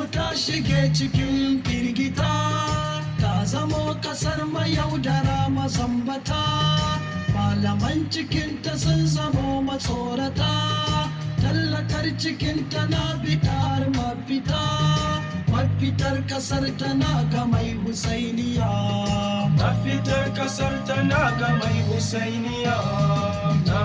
mu ta shige cikin firgita ta zamo kasar mayaudara mazambata malaman cikinta sun zamo matsorata tallatar cikinta na bitar mafita mafitar kasar tana ga mai husainiya mafitar kasar tana ga mai husainiya